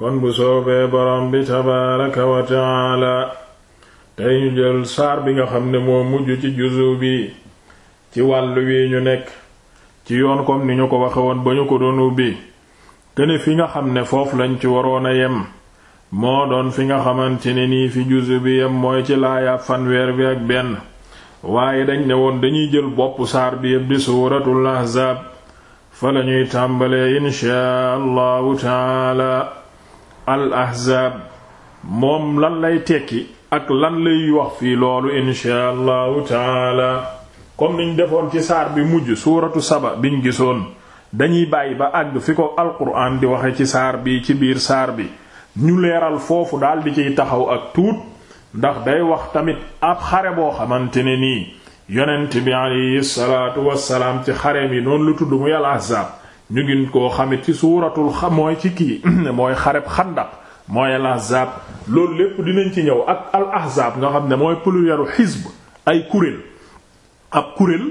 kon bu soobee borom bi tabaaraka wa taala tey ñu jël saar bi nga xam ne moo mujj ci juzu bi ci wàll wi ñu nekk ci yoon comme ni ñu ko waxe woon ba ñu ko doon ubbi këne fi nga xam ne foofu lañ ci waroon a yem moo doon fi nga xamante ni nii fi juzu bi yem mooy ci laaya fanweer bi ak benn waaye dañ ne woon dañuy jël boppu saar bi yépp di suuratul ahzaab fa lañuy tàmbalee inshaa allahu taala al ahzaab moom lan lay tekki ak lan lay wax fii loolu inshaa allahu taala comme niñ defoon ci saar bi mujj suuratu saba biñ gisoon dañuy bàyyi ba àgg fi ko alquraan di waxe ci saar bi ci biir saar bi ñu leeral foofu daal di ciy taxaw ak tuut ndax day wax tamit ab xare boo xamante ne nii yonent bi alayhi salaatu wassalaam ci xareem yi noonu lu tudd muy al ahzaab ñu ngi koo xamit ci suuratul xa mooy ci kii mooy xareb xandaq mooy al ahzaab loolu lépp dinañ ci ñëw ak al ahzaab nga xam ne mooy plurielu xisb ay kuréel ab kurél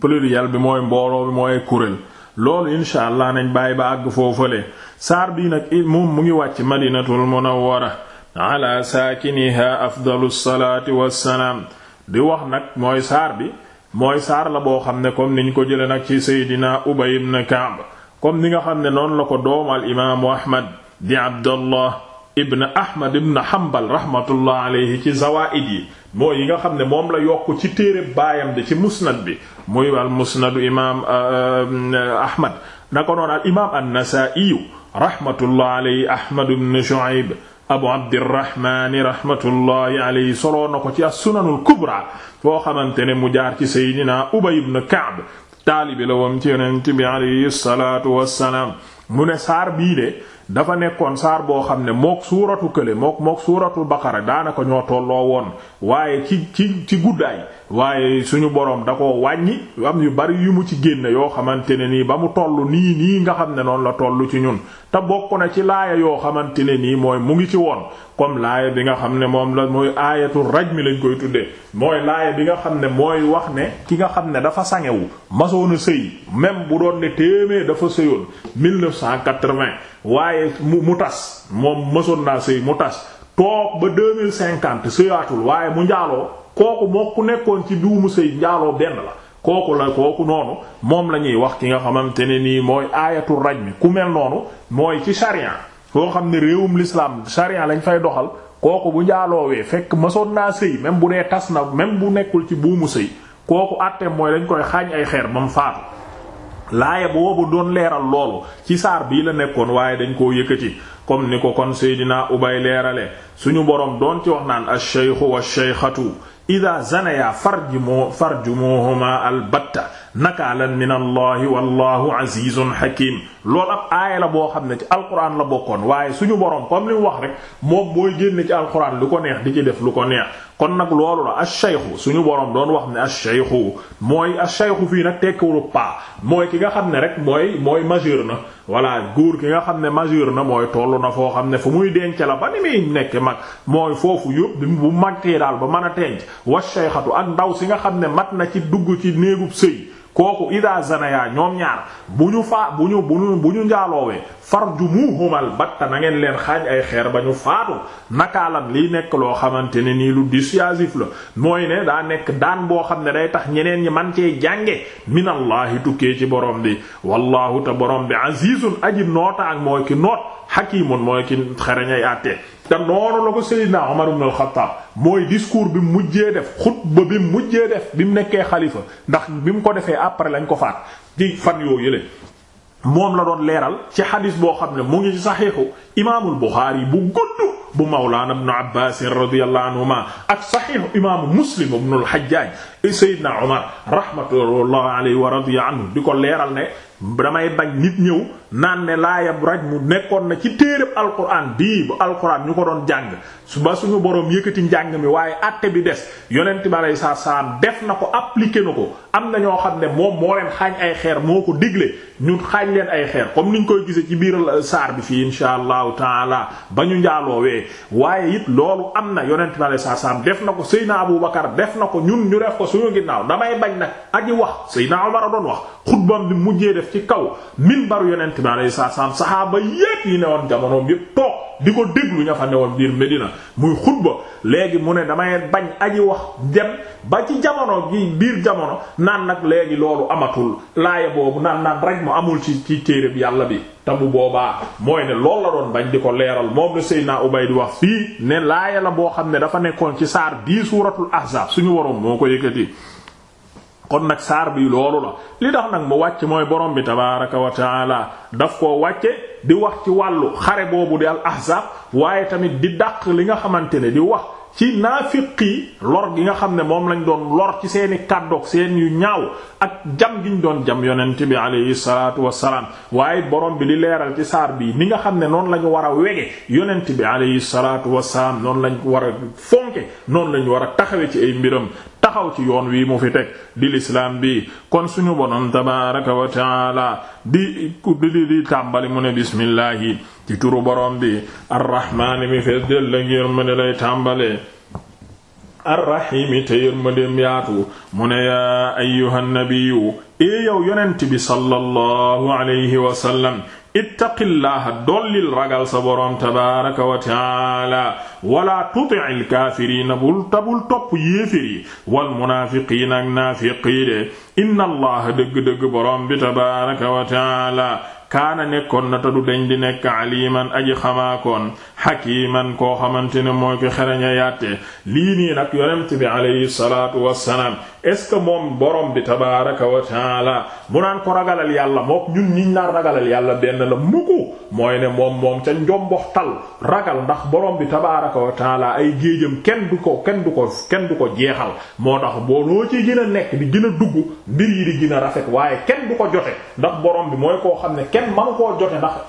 pluriel bi mooy mbooloo bi mooy kuréel loolu insha allah nañ bàyyi ba àgg foofale saar bii nag moom mu ngi wàcc madinatul munawwara ala saakiniha afdalu salaati wassalaam di wax nag mooy saar bi mooy saar la boo xam ne comme niñ ko jëlee nag ci seydinaa ubay ibn ka'b comme ni nga xam ne noonu la ko doom al imaamu ahmad di abdallah ibn ahmad ibn hanbal rahmatullah alayhi ci zawaid yi mooy yi nga xam ne moom la yokk ci téere baayam de ci musnad bi muy al musnadu imaam euh, euh, ahmad na ko noon al imaam an-nasaa'iyu rahmatullah alayhi ahmad ibn shu'ayb abu abdirahmani rahmatullahi alayhi soloo na ko ci as-sunanul kubra foo xamante ne mu jaar ci seydina ubay ibn ka'b taalibi la woon ci yonent bi alayhi salaatu wassalaam mu ne saar bii de dafa nekkoon saar boo xam ne mook suuratu kële mook mook suuratul baqara daanaka ñoo tolloo woon waaye ci ci ci guddaay waaye suñu boroom da ko wàññi am yu bari yu mu ci génne yoo xamante ne nii ba mu toll nii nii nga xam ne noonu la toll ci ñun te bokk na ci laaya yoo xamante ne nii mooy mu ngi ci woon comme laaya bi nga xam ne moom la mooy aayatu raj mi lañ koy tuddee mooy laaya bi nga xam ne mooy wax ne ki nga xam ne dafa sangewu masoon a sëy même bu doon ne téeméer dafa sëyoon 1980 waaye mu tas moom mësoon naa sëy mu tas toog ba deux mille cinquante sëyaatul waaye mu njaaloo kooku moo ku nekkoon ci buumu sëy njaaloo benn la kooku la kooku noonu moom la ñuy wax ki nga xamante ne nii mooy aayatul raj mi ku mel noonu mooy ci sharia koo xam ne réewum l'islam sharia lañ fay doxal kooku bu njaaloowee fekk mësoon naa sëy même bu dee tas na même bu nekkul ci buumu sëy kooku àtteem mooy lañ koy xaañ ay xeer ba mu faatu laaya boobu doon leeral loolu ci saar bii la nekkoon waaye dañ koo yëkkati comme ni ko kon Seydina Ubay leerale suñu boroom doon ci wax naan ash-shaykhu wash-shaykhatu ida zanaya farjumoo farjumuhuma albatta nakaalan min allahi wallahu azizun hakim lool ab aaya la boo xam ne ci alquran la bokkoon waaye suñu borom comme li mu wax rek moom mooy génn ci alquran lu ko neex di ci def lu ko neex kon nag loolu la ash-shaykhu suñu borom doon wax ne ash-shaykhu mooy ash-shaykhu fii nag tekkiwul pa mooy ki nga xam ne rek mooy mooy majeur na voilà góor ki nga xam ne majeur na mooy tollu na foo xam ne fu muy denc la ba ni muy nekk mag mooy foofu yóbbu bu màggee daal ba man a tenc wa shaykhatu ak ndaw si nga xam ne mat na ci dugg ci néegub sëy kooku ida zanaya ñoom ñaar bu ñu faa bu ñu bu ñu bu ñu njaaloowee farjumuhumal batta na ngeen leen xaaj ay xeer ba ñu faatu nakaalan liy nekk loo xamante ne nii lu dissuasif la mooy ne daa nekk daan boo xam ne day tax ñeneen ñi man cee jànge minallahi tukkee ci borom bi wallahu te borom bi azizun aji noota ak mooy ki noot hakimun mooy ki xereñ ay àtte te noonu la ko Seydina Umar ibn al-Khattab mooy discours bi mujjee def xutba bi mujjee def bi mu nekkee xalifa bi mu ko defee après lañ ko faat di fan yoo moom la doon leeral ci xadis boo xam ne mu ngi ci saxiixu imaamul Buxaari bu gudd bu Mawlaana ibnu Abbaas radiyallahu anhuma ak saxiixu imaamu Muslim ibnul Hajjaaj Seydina Omar rahmatullah alayhi wa radiya anhu di ko leeral ne damay bañ nit ñëw naan ne laayab raj mu nekkoon na ci téereb alquran bii bu alquran ñu ko doon jàng su ba suñu borom yëkkati njàng mi waaye àtte bi des yonent bi aleyhi salaatu salaam def na ko appliqué na ko am na ñoo xam ne moom moo leen xaañ ay xeer moo ko digle ñu xaañ leen ay xeer comme niñ koy gisee ci biir saar bi fii insha allahu taala ba ñu njaaloowee waaye it loolu am na yonent bi aleyhi na ko Seydina suñu ginnaaw damay bañ nag aji wax Seydina Omar a doon wax xutbaam bi mujjee def ci kaw minbaru yonent bi alayhi salaam saxaaba yépp yi ne woon jamonoom yépp toog di ko déglu ña fa newoon biir Medina muy xutba léegi mu ne damay bañ aji wax dem ba ci jamono gi biir jamono naan nag léegi loolu amatul laaya boobu naan naan rek mu amul ci ci téeréb yàlla bi te bu boobaa mooy ne loolu la doon bañ di ko leeral moom la naa Ubay di wax fii ne laaya la boo xam ne dafa nekkoon ci saar bii suuratul ahzaab suñu waroon moo ko yëkkati kon nag saar bi loolu la li dax nag mu wàcc mooy borom bi tabaaraka wa taala daf koo wàcce di wax ci wàllu xare boobu di al ahzaab waaye tamit di dàq li nga xamante ne di wax ci naafiq yi lor gi nga xam ne moom lañ doon lor ci seeni kàddoog seen yu ñaaw ak jam gi ñu doon jam yonent bi alayhi salaatu wassalaam waaye borom bi di leeral ci saar bii ni nga xam ne noonu la ñu war a wege yonent bi alayhi salaatu wassalaam noonu lañ war a fonke noonu lañ war a taxawe ci ay mbiram taxaw ci yoon wii mu fi teg di lislaam bi kon suñu borom tabaaraka wa taala di di di tàmbali mu ne bismillahi ci turu borom bi arrahmaani mi fees del la ngir mën lay tàmbalee arrahimi te yërmandeem yaatu mu ne yaa ayyuha nnabiyu ee yow yonent bi sallallahu alayhi wa sallam ittaqillaha dollil ragal sa boroom wa taala wala tuti'il kaafiriina bul tabul topp yéeféri wal munaafiqiina ak naafiqii de inna allaha dëgg-dëgg boroom bi tabaraka wa taala kaana nekkoon na te du deñ di nekk aliman aji xamaakoon xakiman koo xamante ne mooy ko xereñ a yattee lii nii nag yonent bi alayhi salaatu wassalaam est-ce que moom borom bi tabaraka wa taala mu naan ko ragalal yàlla mook ñun ñiñ naan ragalal yàlla benn la muku mooy ne moom moom ca njomboxtal ragal ndax borom bi tabaraka wa taala ay géejam kenn du ko kenn du ko kenn du ko jeexal moo tax boo loo ci gën nekk di gën a dugg mbir yi di gën a rafet waaye kenn du ko jote ndax borom bi mooy koo xam ne kenn manu koo jote ndax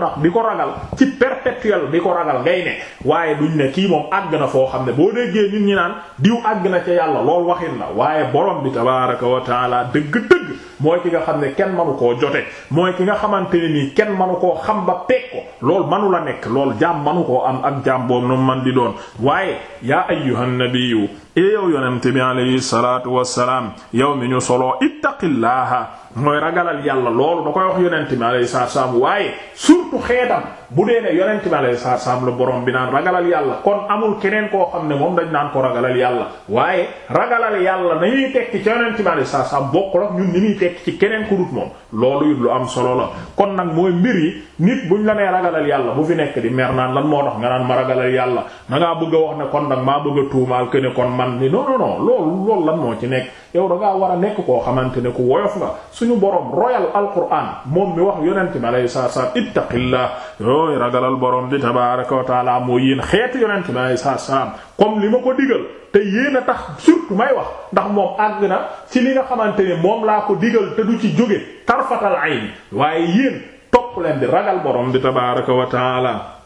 moo bi ko ragal ci perpétuel di ko ragal ngay ne waaye ñu ne kii moom àgg na foo xam ne boo déggee nit ñi naan diw àgg na ca yàlla lool waxin la waaye borom bi tabaaraka wa taala dëgg-dëgg mooy ki nga xam ne kenn manu koo jote mooy ki nga xamante ne nii kenn manu koo xam ba peeg ko loolu manu la nekk loolu jaam manu koo am ak jaam boobu noonu man di doon waaye yaa ayyuhan nabiyyu ee yow yonente bi alayhi salaatu wassalaam yow mi ñu soloo ittaqillaaha mooy ragalal yàlla loolu da koy wax yonente bi alayhi salaatu wassalaam waaye surtout xeetam bu dee ne yonente bi alayhi salaatu wassalaam la borom bi naan ragalal yàlla kon amul keneen koo xam ne moom dañ naan ko ragalal yàlla tekk ci keneen ku dut moom loolu la kon nag mooy mbir yi nit buñ la nee ragalal moo tax nga naan ma ragalal yàlla na ngaa a wax ne kon a loolu lan moo ci nekk yow da war a nekk koo xamante ku woyof nga suñu borom royal alquran moom mi wax yonent bi alayhi salaatu salaam ittaqillah yooyu ragalal borom di tabaaraka wa taala moo yéen xeetu yonent bi alayhi salaatu salaam comme li ma ko digal te yéen a tax surtout may wax ndax moom àgg na ci li nga xamante moom laa ko digal ndigal te du ci jóge tarfatal ayni waaye yéen topp leen di ragal borom bi tabaaraka wa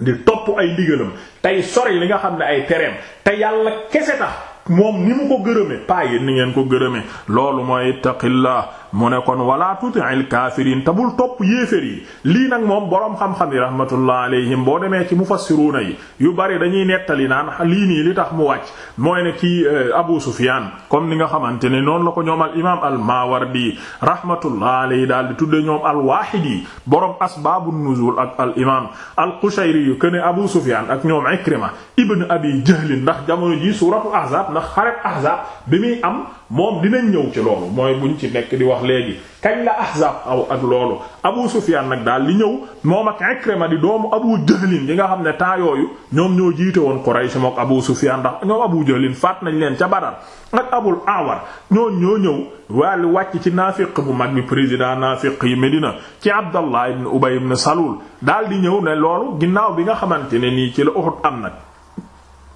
di topp ay ndigalam tey sori li nga xam ne ay tereem te yàlla kese tax moom ni mu ko gërëme paa yéen ni ngeen ko gërëme loolu mooy taqillah mu ne kon wala tuti'il kaafiriin te bul topp yéefér yi lii nag moom boroom xam-xam yi rahmatullah alayhim boo demee ci mufassiruuna yi yu bari dañuy nettali naan lii nii li tax mu wàcc mooy ne kii euh, Abu Sufyaan comme ni nga xamante ne noonu la ko ñoom al imaam al Maawardi rahmatullah alayhi daal di tudde ñoom al Waahidi boroom asbaabun nuzuul ak al imaam al Qushayri yu këne Abu Sufyaan ak ñoom Ikrima ibn Abi Jahl ndax jamono jii suuratu Ahzaab ndax xareb Ahzaab bi muy am moom dinañ ñëw ci loolu mooy buñ ci nekk di wax léegi kañ la ahzab aw ak loolu abu sufyan nag daal li ñëw moom ak ma di doomu abu jahlin yi nga xam ne temps yooyu ñoom ñoo jiite woon quraysh mook abu sufyan ndax ñoom abu jahlin faat nañ leen ca badar ak abul awar ñoon ñoo ñëw wàllu wàcc ci naafiq bu mag bi président naafiq yi Medina ci abdallah ibn ubay ibn salul daal di ñëw ne loolu ginnaaw bi nga xamante ne nii ci la uhud am nag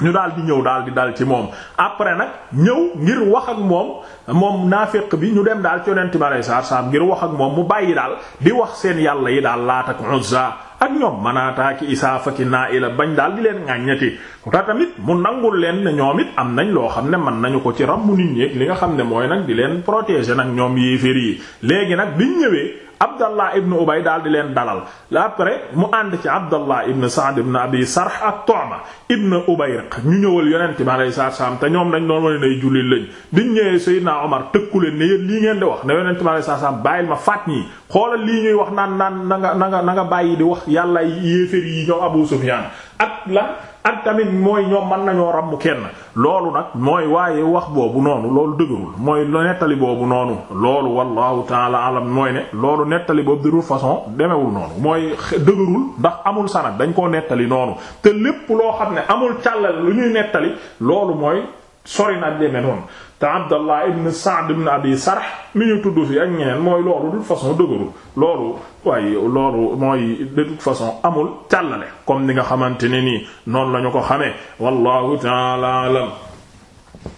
ñu daal di ñëw daal di dal ci moom après nag ñëw ngir wax ak moom moom naaféq bi ñu dem daal ci yonent bi alayhi salaatu salaam ngir wax ak moom mu bàyyi daal di wax seen yàlla yi daal Laat ak Uzza ak ñoom manaataaki isaafa ki naa'ila bañ daal di leen ŋàññati te tamit mu nangul leen ne ñoom it am nañ loo xam ne mën nañu ko ci ramu nit ñi li nga xam ne mooy nag di leen protégé nag ñoom yéeféer yi léegi nag biñ ñëwee Abdallah ibn Ubay daal di leen dalal après mu ànd ci Abdallah ibn Sa'd ibn Abi Sarh at-Tu'ma ibn Ubayriq ñu ñëwal yonent bi alayhi salaam te ñoom dañ doon wane ne jullit lañ biñ ñëwee Seydina Omar tëkku leen ne yéen lii ngeen di wax ne yonent bi alayhi salaam bàyyil ma faat ñii xoolal lii ñuy wax naan naan nanga nga na bàyyi di wax yàlla yéefér yi ñoom Abu Sufyaan ak la ak tamit mooy ñoom mën nañoo ràmm kenn loolu nag mooy waaye wax boobu noonu loolu dëgërul mooy nettali boobu noonu loolu wallahu taala alam mooy ne loolu nettali boobu de toute façon demewul noonu mooy dëgërul ndax amul sanad dañ koo nettali noonu te lépp loo xam ne amul càllal lu ñuy nettali loolu mooy sori na demee noonu te Abdallah ibn Sa'd ibn Abi Sarh mu ñu tudd fi ak ñeneen mooy loolu de façon dëgërul loolu waaye loolu mooy de toute façon amul càllale comme ni nga xamante ne nii noonu lañu ko xame wallahu ta'ala alam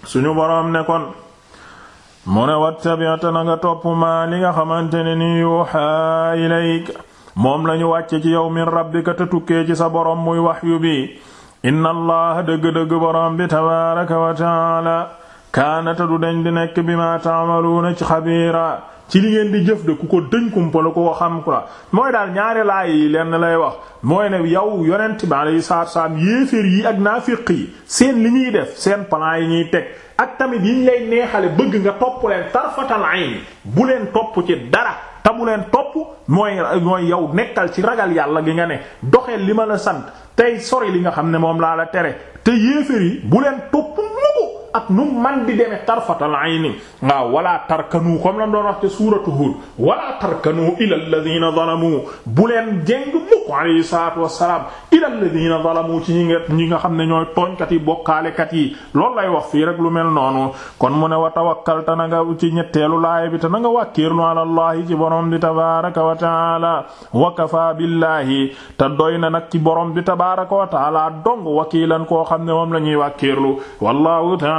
suñu boroom ne kon mu ne wattabi'ata na nga topp maa li nga xamante ne nii yuha ilayk moom la ñu wàcce ci yow min rabbika te tukkee ci sa boroom muy wahyu bi inna allaha dëgg-dëgg boroom bi tabaaraka wa taala kaanata du deñ di nekk bi ma taamaluuna ci xabiira ci li ngeen di jëf de ku ko dëñ kumpa la ko xam ku la mooy daal ñaari laay yi lenn lay wax mooy ne yow yonent bi alayhi salaatu salaam yéeféer yi ak naafiq yi seen li ñuy def seen plan yi ñuy teg ak tamit yiñ lay neexale bëgg nga topp leen tarfatal ayn bu leen topp ci dara te bu leen topp mooy mooy yow nekkal ci ragal yàlla gi nga ne doxel li ma la sant tey sori li nga xam ne moom laa la tere te yéefar yi bu leen topp ak nu man di demee tarfatal ayni waaw wala tarkanu comme la doon wax te suuratu Hud wala tarkanu ila alladhina zalamu bu leen jéng mukk alayhi salaatu wassalaam ila alladhina zalamu ci ñi nga ñi nga xam ne ñooy tooñkat yi bokkaalekat yi loolu lay wax fii rek lu mel noonu kon mu ne wa tawakkal te nga ci ñetteelu laay bi te na nga wàkkiirlu ala allahi ci borom bi tabaraka wa taala wa kafa billahi te doy na nag ci borom bi tabaraka wa taala dong wakiilan koo xam ne moom la ñuy wàkkiirlu wallahu taala